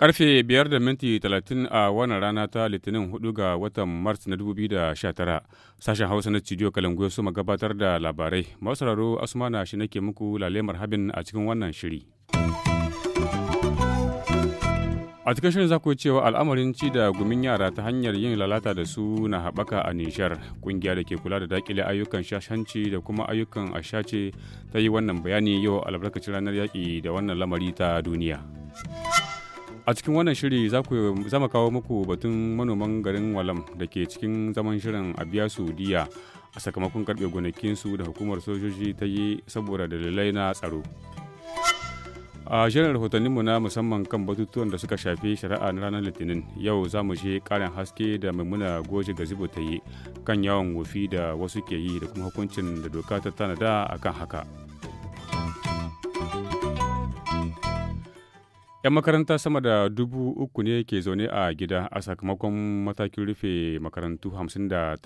Karfe biyar da minti talatin a wannan rana ta Litinin hudu ga watan Mars na dubu biyu da sha tara sashen Hausa na studio Kalangu su gabatar da labarai. Masu asuma Asmana shi nake muku lalemar habin a cikin wannan shiri. A cikin shirin za ku cewa al'amarin ci da gumin yara ta hanyar yin lalata da su na haɓaka a Nijar. Ƙungiya da ke kula da dakile ayyukan shashanci da kuma ayyukan ashace ta yi wannan bayani yau albarkacin ranar yaƙi da wannan lamari ta duniya. A cikin wannan shiri za ku zama kawo muku batun manoman garin Walam da ke cikin zaman shirin a biya su diya a sakamakon karɓe gonakinsu da hukumar sojoji ta yi saboda dalilai na tsaro. a shirin rahotanninmu na musamman kan batutuwan da suka shafi shari'a na ranar litinin yau za mu je karin haske da maimuna goji ga zubo ta yi kan yawon wofi da wasu ke yi da kuma hukuncin da doka ta tanada a kan haka yan makaranta sama da dubu uku ne ke zaune a gida a sakamakon matakin rufe makarantu 58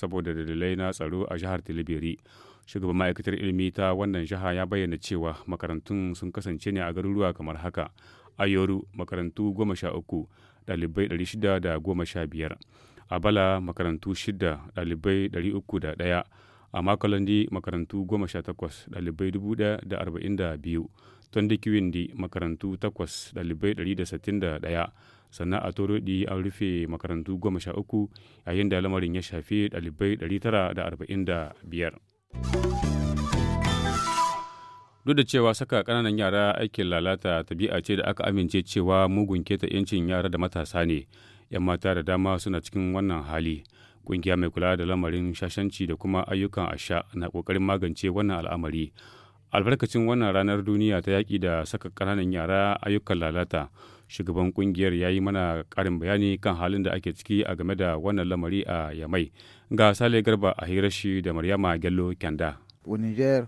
saboda dalilai na tsaro a jihar tilibiri shugaban ma'aikatar ilimi ta wannan jiha ya bayyana cewa makarantun sun kasance ne a garuruwa kamar haka ayoru makarantu goma sha uku ɗalibai ɗari shida da goma sha biyar a bala makarantu shida ɗalibai ɗari uku da ɗaya a makalandi makarantu goma sha takwas ɗalibai dubu ɗaya da arba'in da biyu tondikiwindi makarantu takwas ɗalibai ɗari da sittin da ɗaya sannan a torodi an rufe makarantu goma sha uku yayin da lamarin ya shafi ɗalibai ɗari tara da arba'in da biyar duk da cewa saka ƙananan yara aikin lalata tabi'a ce da aka amince cewa mugun keta 'yancin yara da matasa ne 'yan mata da dama suna cikin wannan hali ƙungiya mai kula da lamarin shashanci da kuma ayyukan asha na ƙoƙarin magance wannan al'amari albarkacin wannan ranar duniya ta yaƙi da saka ƙananan yara ayyukan lalata shugaban ƙungiyar ya yi mana ƙarin bayani kan halin da ake ciki a game da wannan lamari a yamai ga Sale Garba a hirar shi da Maryama Gello Kyanda. A Niger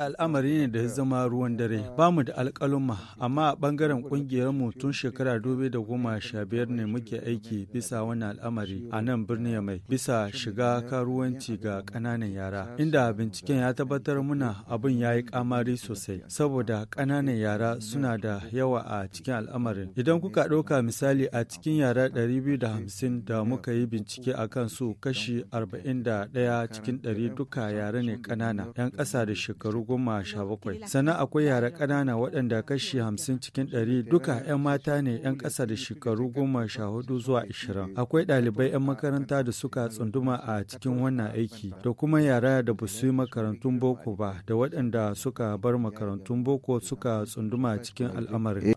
al'amari ne da zama ruwan dare. Ba mu da alkaluma amma a ɓangaren ƙungiyarmu tun shekara dubu da goma sha biyar ne muke aiki bisa wani al'amari a nan birnin mai bisa shiga karuwanci ga ƙananan yara. Inda binciken ya tabbatar muna abin ya yi ƙamari sosai, saboda ƙananan yara suna da yawa a cikin al'amarin. Idan kuka ɗauka misali a cikin yara ɗari biyu da hamsin da muka yi bincike a kansu kashi arba'in da ɗaya cikin ɗari duka yara ne ne kanana 'yan ƙasa da shekaru goma sha bakwai. Sannan akwai yara kanana waɗanda kashi hamsin cikin ɗari duka 'yan mata ne 'yan ƙasa da shekaru goma sha hudu zuwa ashirin. Akwai ɗalibai 'yan makaranta da suka tsunduma a cikin wannan aiki da kuma yara da ba su yi makarantun boko ba da waɗanda suka bar makarantun boko suka tsunduma cikin al'amarin.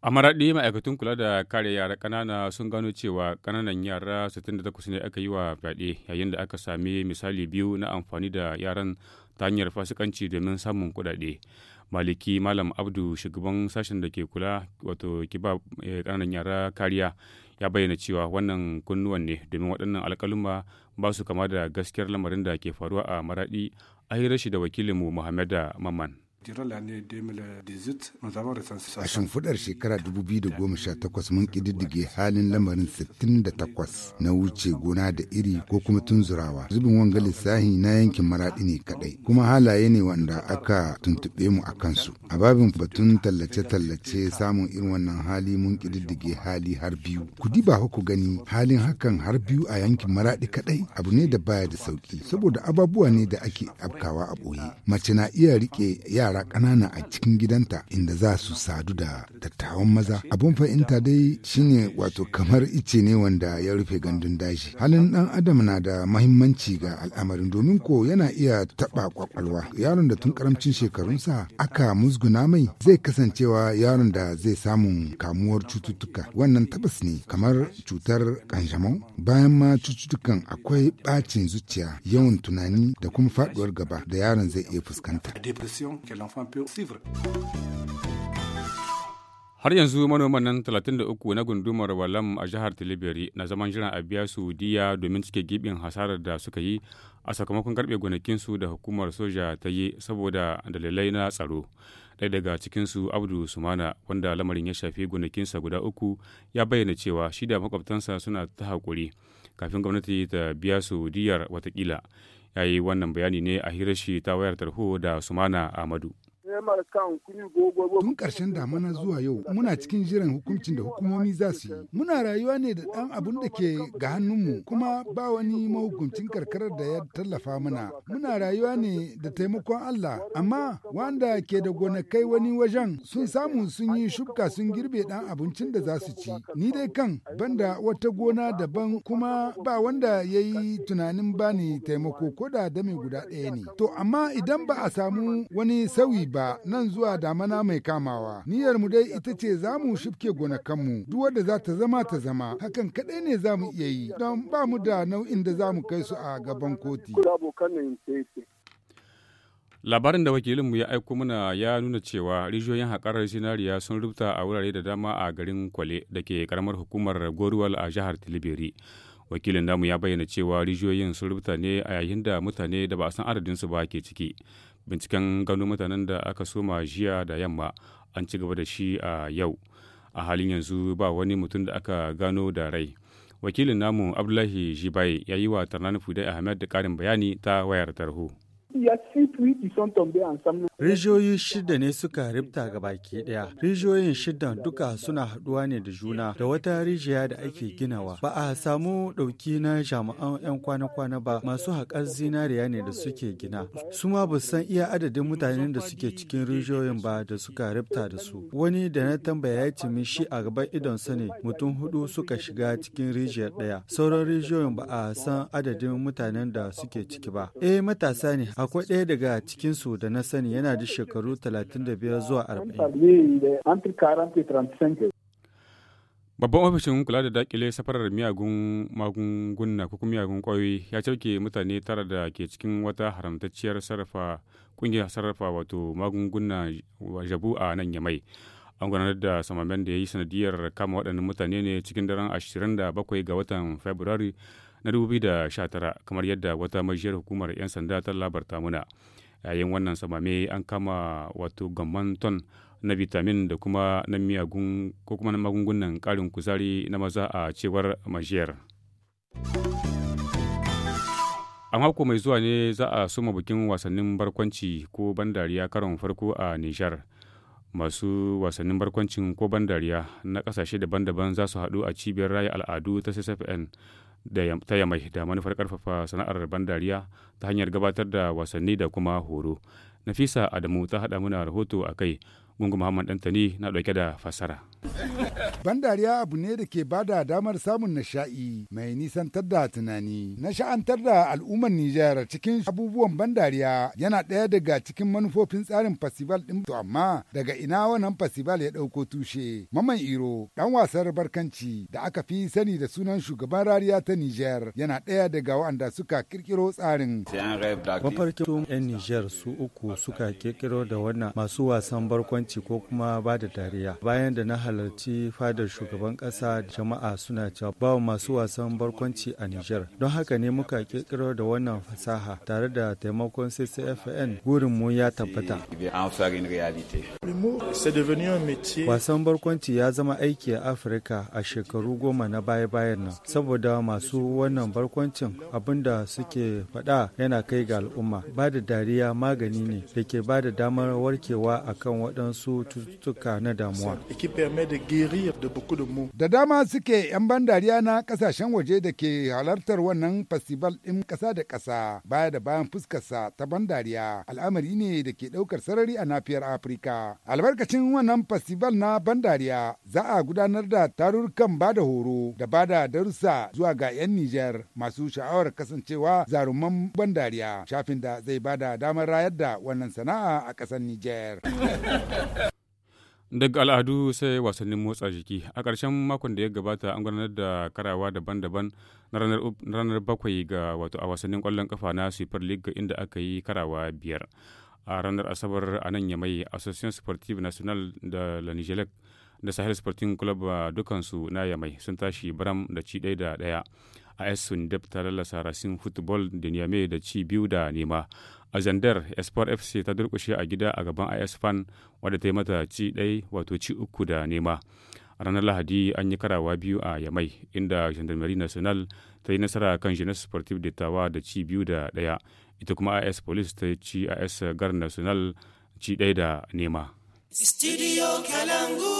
A maraɗi ma'aikatan kula da kare yara ƙanana sun gano cewa ƙananan yara 68 ne aka yi wa fyaɗe yayin da aka sami misali biyu na amfani da yaran ta hanyar fasikanci domin samun kuɗaɗe. Maliki Malam Abdu shugaban sashen da ke kula wato kiba eh, ƙananan yara kariya ya bayyana cewa wannan kunnuwan ne domin waɗannan alƙaluma ba su kama da gaskiyar lamarin da ke faruwa a maraɗi a hirar shi da wakilinmu Muhammad Maman. A shimfiɗar shekara 2018 mun ƙididdige halin lamarin 68 na wuce gona da iri ko kuma tunzurawa. Zubin wanga lissahi na yankin maraɗi ne kaɗai, kuma halaye ne wanda aka tuntuɓe mu a kansu. A babin batun tallace-tallace samun irin wannan hali mun ƙididdige hali har biyu. Ku diba ku gani halin hakan har biyu a yankin maraɗi kaɗai abu ne da baya da sauƙi, saboda ababuwa ne da ake afkawa a ɓoye. Mace na iya riƙe yara yara ƙanana a cikin gidanta inda za su sadu da dattawan maza abun fahimta dai shine wato kamar ice ne wanda ya rufe gandun daji halin dan adam na da mahimmanci ga al'amarin domin ko yana iya taɓa kwakwalwa yaron da tun karamcin shekarunsa aka musguna mai zai kasancewa yaron da zai samun kamuwar cututtuka wannan tabbas ne kamar cutar kanjamau bayan ma cututtukan akwai ɓacin zuciya yawan tunani da kuma faɗuwar gaba da yaron zai iya fuskanta l'enfant peut suivre. har yanzu manoman nan 33 na gundumar walam a jihar tilibiri na zaman jiran a biya su diya domin cike gibin hasarar da suka yi a sakamakon karbe gonakinsu da hukumar soja ta yi saboda dalilai na tsaro ɗaya daga cikinsu abdu sumana wanda lamarin ya shafi gonakinsa guda uku ya bayyana cewa shi da makwabtansa suna ta haƙuri kafin gwamnati ta biya su diyar watakila ya yi wannan bayani ne a hirar shi ta wayar tarho da sumana ahmadu Tun ƙarshen damana zuwa yau muna cikin jiran hukuncin da hukumomi za su yi. Muna rayuwa ne da ɗan abun da ke ga hannunmu kuma ba wani mahukuncin karkarar da ya tallafa mana. Muna rayuwa ne da taimakon Allah amma wanda ke da gonakai wani wajen sun samu sun yi shubka sun girbe ɗan abincin da za su ci. Ni dai kan banda wata gona daban kuma ba wanda ya yi tunanin bani taimako ko da dame guda ɗaya ne. To amma idan ba a samu wani sauyi ba ba nan zuwa damana mai kamawa. Niyyar mu dai ita ce za mu shifke gonakanmu duk wanda za ta zama ta zama hakan kadai ne za mu iya yi don ba mu da nau'in da za mu kai su a gaban koti. labarin da wakilinmu ya aiko mana ya nuna cewa rijiyoyin haƙarar zinariya sun rubuta a wurare da dama a garin kwale da ke karamar hukumar goruwal a jihar tilibiri wakilin namu ya bayyana cewa rijiyoyin sun rubuta ne a yayin da mutane da ba a san adadinsu ba ke ciki binciken gano mutanen da aka soma jiya da yamma an ci gaba da shi a yau a halin yanzu ba wani mutum da aka gano da rai wakilin namu abdullahi jibai ya yi wa tarnani fudai ahmed da karin bayani ta wayar tarho Rijiyoyi shida ne suka rifta ga baki ɗaya. Rijiyoyin shida duka suna haɗuwa ne da juna da wata rijiya da ake ginawa. Ba a samu ɗauki na jami'an 'yan kwana-kwana ba masu haƙar zinariya ne da suke gina. Su ma ba san iya adadin mutanen da suke cikin rijiyoyin ba da suka rifta da su. Wani da na tambaya ya ce shi a gaban sa ne mutum hudu suka shiga cikin rijiyar ɗaya. Sauran rijiyoyin ba a san adadin mutanen da suke ciki ba. Eh matasa ne Akwai ɗaya daga cikinsu da na sani yana da shekaru 35 zuwa 40. Babban ofishin kula da dakile safarar miyagun magunguna ko kuma miyagun kwayoyi ya cauke mutane tara da ke cikin wata haramtacciyar sarrafa kungiyar sarrafa wato magunguna jabu a nan yamai. An gudanar da samamen da ya yi sanadiyar kama waɗannan mutane ne cikin daren 27 ga watan Fabrairu na 2019 kamar yadda wata majiyar hukumar 'yan sanda ta labarta muna yayin wannan samame an kama wato gamman ton na vitamin da kuma na miyagun ko kuma na magungunan karin kuzari na maza a cewar majiyar. a mako mai zuwa ne za a soma bikin wasannin barkwanci ko bandariya karon farko a nishar masu wasannin barkwancin ko bandariya na kasashe daban-daban za su haɗu a cibiyar raya al'adu ta ccfn ta yamai da manufar karfafa sana'ar bandariya ta hanyar gabatar da wasanni da kuma horo nafisa adamu ta hada muna rahoto a kai gungun muhammad dantani na ɗauke da fasara Ban dariya abu ne da ke bada damar samun nishaɗi mai nisantar da tunani. na Nasha'antar da al'ummar Nijar cikin abubuwan ban dariya yana ɗaya daga cikin manufofin tsarin festival ɗin to amma daga ina wannan festival ya ɗauko tushe. Maman Iro ɗan wasan barkanci da aka fi sani da sunan shugaban rariya ta Nijar yana ɗaya daga waɗanda suka kirkiro tsarin. Mafarkin 'yan Nijar su uku suka kirkiro da wannan masu wasan barkwanci ko kuma ba da dariya. Bayan da na halarci fadar shugaban ƙasa jama'a suna cewa ba masu wasan barkwanci a Nijar. Don haka ne muka kirkiro da wannan fasaha tare da taimakon CCFN gurin mu ya tabbata. Wasan barkwanci ya zama aiki a Afirka a shekaru goma na baya-bayan nan saboda masu wannan barkwancin da suke faɗa yana kai ga al'umma. Ba da dariya magani ne da ke ba da damar warkewa akan waɗansu cututtuka na damuwa. yarda da mu. Da dama suke 'yan ban dariya na kasashen waje da ke halartar wannan festival ɗin ƙasa da ƙasa baya da bayan fuskarsa ta ban dariya al'amari ne da ke ɗaukar sarari a nafiyar Afirka. Albarkacin wannan festival na bandariya za a gudanar da tarurrukan ba da horo da ba da darussa zuwa ga 'yan Nijar masu sha'awar kasancewa zaruman dariya shafin da zai ba da damar rayar da wannan sana'a a ƙasar Nijar. Daga al'adu sai wasannin motsa jiki. A ƙarshen makon da ya gabata an gudanar da karawa daban-daban na ranar bakwai ga wato a wasannin ƙwallon kafa na Super League inda aka yi karawa biyar. A ranar Asabar a nan ya mai Association Sportive National da La Nigelec da Sahel Sporting Club dukansu na ya mai sun tashi baram da ci ɗaya da ɗaya. AS Sundep ta lallasa rasin Football da Niamey da ci biyu da nema. A Zandar, Espoir FC ta durkushe a gida a gaban AS Fan wadda ta yi mata ci ɗai wato ci uku da nema. A ranar Lahadi an yi karawa biyu a Yamai inda Gendarmerie National ta yi nasara kan Jeunesse sportif de Tawa da ci biyu da ɗaya. Ita kuma AS Police ta ci AS Gar National ci ɗaya da nema. Studio Kalangu.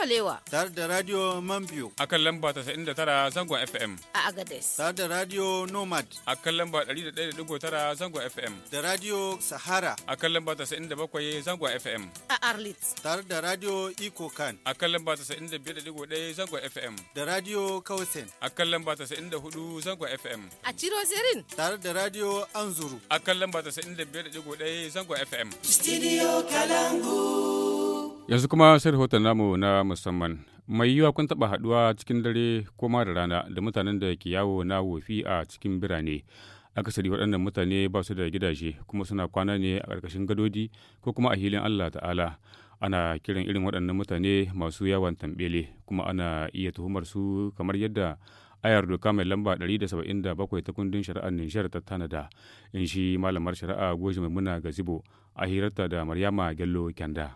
Balewa. Tare da Radio Mambiyo. A kan lamba 99 zangon FM. A Agades. Tare da Radio Nomad. A kan lamba 101.9 zangon FM. Da Radio Sahara. A kan lamba 97 zangon FM. A Arlit. Tare da Radio Iko Kan. A kan lamba 95.1 zangon FM. Da Radio Kausen. A kan lamba 94 zangon FM. A Ciro Zerin. Tare da Radio Anzuru. A kan lamba 95.1 zangon FM. Studio Kalangu. Yanzu kuma sai rahoton namu na musamman. Mai yiwa kun taɓa haɗuwa cikin dare ko ma da rana da mutanen da ke yawo na wofi a cikin birane. Akasari waɗannan mutane ba su da gidaje kuma suna kwana ne a ƙarƙashin gadodi ko kuma a hilin Allah ta'ala. Ana kiran irin waɗannan mutane masu yawon tambele kuma ana iya tuhumar su kamar yadda ayar doka mai lamba 177 ta kundin shari'ar Nijar ta tanada in shi malamar shari'a Goji Maimuna zibo a hirarta da Maryama Gello Kyanda.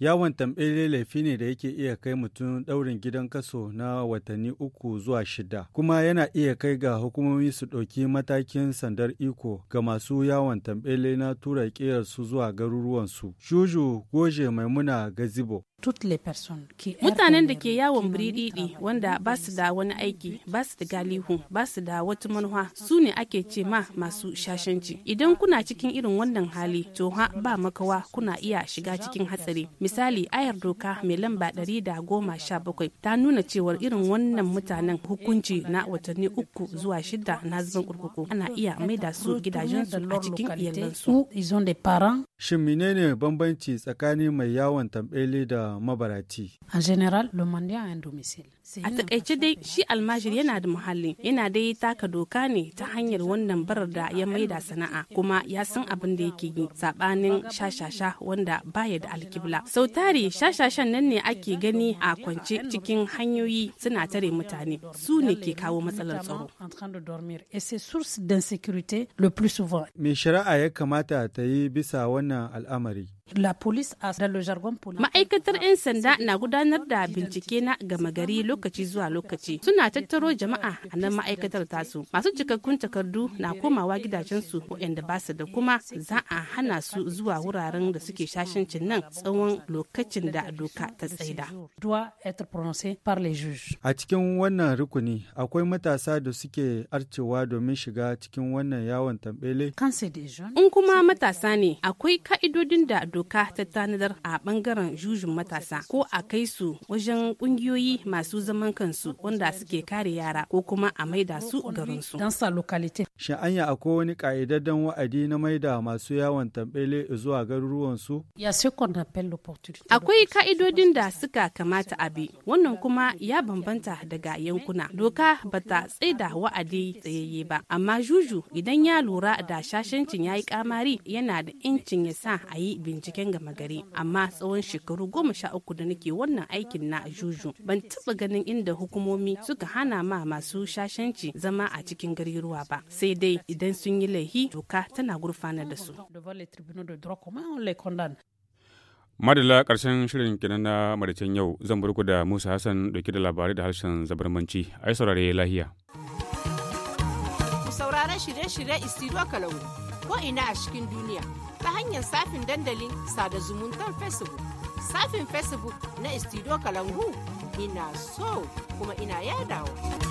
Yawon tambayi laifi ne da yake iya kai mutum ɗaurin gidan kaso na watanni uku zuwa shida, kuma yana iya kai ga hukumomi su ɗauki matakin sandar iko ga masu yawon tambayi na tura su zuwa garuruwansu. Juju Goje Maimuna Gazibo Mutanen da ke yawon biriɗiɗi wanda ba su da wani aiki, ba su da galihu, ba su da wata manuwa su ne ake ce ma masu shashanci. Idan kuna cikin irin wannan hali, to ha ba makawa kuna iya shiga cikin hatsari. Misali, ayar doka mai lamba ɗari da goma sha bakwai ta nuna cewar irin wannan mutanen hukunci na watanni uku zuwa shida na zuban kurkuku ana iya maida su gidajensu a cikin iyalansu. Shin menene bambanci tsakanin mai yawon tambele da mabaraci. A general, Lomandi a domicile. A takaice dai shi almajir yana da muhalli yana dai taka doka ne ta hanyar wannan barar da ya maida sana'a kuma ya san abin da yake yi sabanin shashasha wanda baya da alkibla. Sau tari shashashan nan ne ake gani a kwance cikin hanyoyi suna tare mutane su ne ke kawo matsalar tsaro. Me shari'a ya kamata ta yi bisa wannan al'amari? Ma'aikatar 'yan sanda na gudanar da bincike na gama gari lokaci zuwa lokaci. Suna tattaro jama'a a nan ma'aikatar tasu. Masu cikakkun takardu na komawa gidajensu waɗanda ba su da kuma za a hana su zuwa wuraren da suke shashancin nan tsawon lokacin da doka ta tsaida. A cikin wannan rukuni akwai matasa da suke arcewa domin shiga cikin wannan yawon tambele. In kuma matasa ne akwai ka'idodin da doka ta tanadar a bangaren jujin matasa ko a kai su wajen kungiyoyi masu zaman kansu wanda suke kare yara ko kuma a maida su garin su. garinsu. Sha'anya akwai wani ka'idaddan wa'adi na maida masu yawon tambele zuwa su. Akwai ka'idodin da suka kamata a bi, wannan kuma ya bambanta daga yankuna. Doka bata tsaida wa'adi tsayayye ba, amma juju idan ya lura da shashancin ya yi kamari yana da incin ya sa a yi bincike. binciken gama gari amma tsawon shekaru goma sha uku da nake wannan aikin na juju ban taba ganin inda hukumomi suka hana ma masu shashanci zama a cikin garuruwa ba sai dai idan sun yi laihi doka tana gurfanar da su. madala karshen shirin kenan na maricen yau zan burku da musa hassan dauke da labarai da harshen zabarmanci ai saurare lahiya saurare shirye-shirye istiduwa kalau ko ina a cikin duniya ta hanyar safin dandalin sada zumuntar Facebook. Safin Facebook na Istido Kalangu ina so kuma ina yadawa.